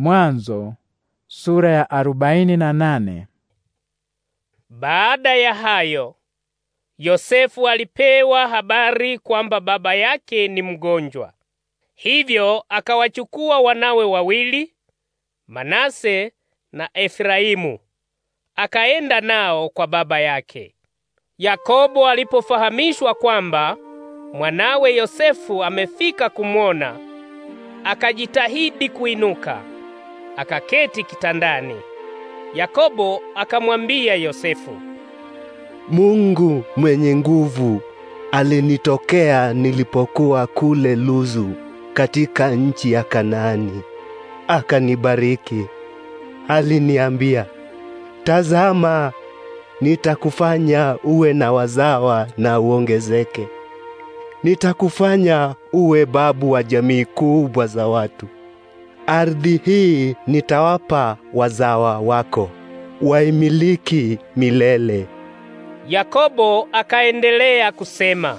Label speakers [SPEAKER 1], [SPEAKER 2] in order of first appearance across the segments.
[SPEAKER 1] Mwanzo sura ya arobaini na nane.
[SPEAKER 2] Baada ya hayo Yosefu alipewa habari kwamba baba yake ni mgonjwa. Hivyo akawachukua wanawe wawili, Manase na Efraimu, akaenda nao kwa baba yake. Yakobo alipofahamishwa kwamba mwanawe Yosefu amefika kumwona, akajitahidi kuinuka akaketi kitandani. Yakobo akamwambia Yosefu,
[SPEAKER 1] Mungu mwenye nguvu alinitokea nilipokuwa kule Luzu katika nchi ya Kanaani, akanibariki. Aliniambia, tazama, nitakufanya uwe na wazawa na uongezeke, nitakufanya uwe babu wa jamii kubwa za watu Ardhi hii nitawapa wazawa wako waimiliki milele.
[SPEAKER 2] Yakobo akaendelea kusema,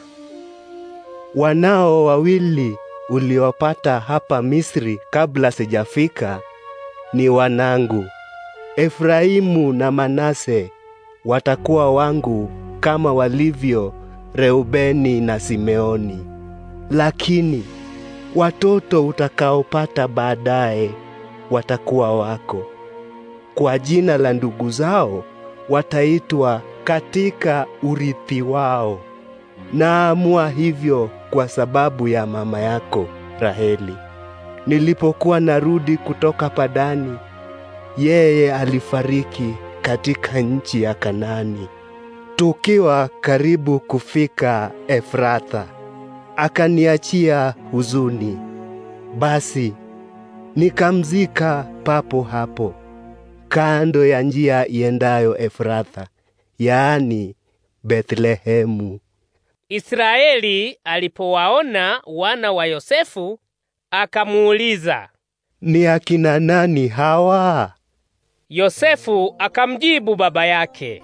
[SPEAKER 1] wanao wawili uliowapata hapa Misri kabla sijafika ni wanangu. Efraimu na Manase watakuwa wangu kama walivyo Reubeni na Simeoni. Lakini Watoto utakaopata baadaye watakuwa wako. Kwa jina la ndugu zao wataitwa katika urithi wao. Naamua hivyo kwa sababu ya mama yako Raheli. Nilipokuwa narudi kutoka padani, yeye alifariki katika nchi ya Kanaani. Tukiwa karibu kufika Efratha, akaniachia huzuni. Basi nikamzika papo hapo kando ya njia iendayo Efratha, yaani Bethlehemu.
[SPEAKER 2] Israeli alipowaona wana wa Yosefu akamuuliza,
[SPEAKER 1] ni akina nani hawa?
[SPEAKER 2] Yosefu akamjibu baba yake,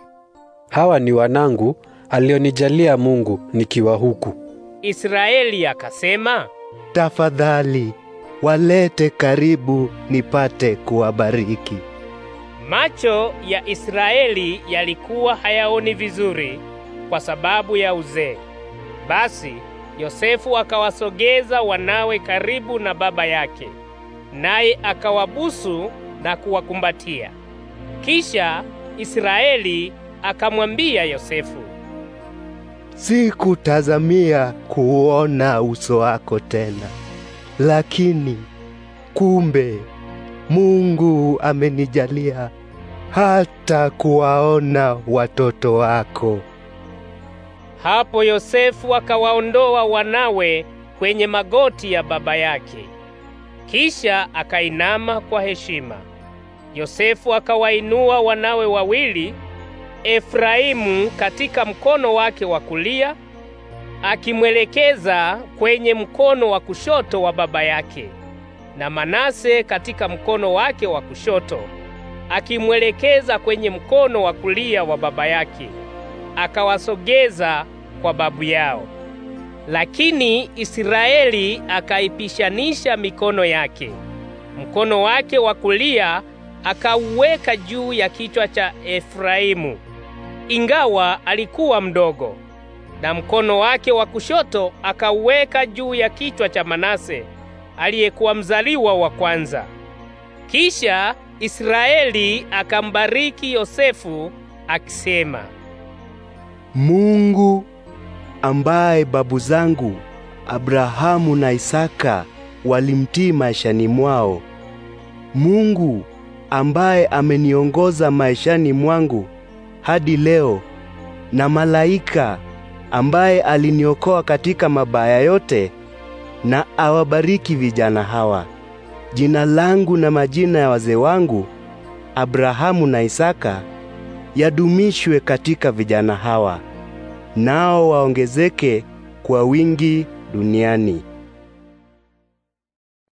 [SPEAKER 1] hawa ni wanangu alionijalia Mungu nikiwa huku.
[SPEAKER 2] Israeli akasema,
[SPEAKER 1] tafadhali walete karibu nipate kuwabariki.
[SPEAKER 2] Macho ya Israeli yalikuwa hayaoni vizuri kwa sababu ya uzee. Basi Yosefu akawasogeza wanawe karibu na baba yake, naye akawabusu na kuwakumbatia. Kisha Israeli akamwambia Yosefu,
[SPEAKER 1] sikutazamia kuona uso wako tena, lakini kumbe Mungu amenijalia hata kuwaona watoto wako.
[SPEAKER 2] Hapo Yosefu akawaondoa wanawe kwenye magoti ya baba yake, kisha akainama kwa heshima. Yosefu akawainua wanawe wawili Efraimu katika mkono wake wa kulia, akimwelekeza kwenye mkono wa kushoto wa baba yake, na Manase katika mkono wake wa kushoto, akimwelekeza kwenye mkono wa kulia wa baba yake, akawasogeza kwa babu yao. Lakini Israeli akaipishanisha mikono yake. Mkono wake wa kulia akauweka juu ya kichwa cha Efraimu ingawa alikuwa mdogo, na mkono wake wa kushoto akauweka juu ya kichwa cha Manase aliyekuwa mzaliwa wa kwanza. Kisha Israeli akambariki Yosefu akisema,
[SPEAKER 1] Mungu ambaye babu zangu Abrahamu na Isaka walimtii maishani mwao, Mungu ambaye ameniongoza maishani mwangu hadi leo, na malaika ambaye aliniokoa katika mabaya yote, na awabariki vijana hawa. Jina langu na majina ya wazee wangu Abrahamu na Isaka yadumishwe katika vijana hawa, nao waongezeke kwa wingi duniani.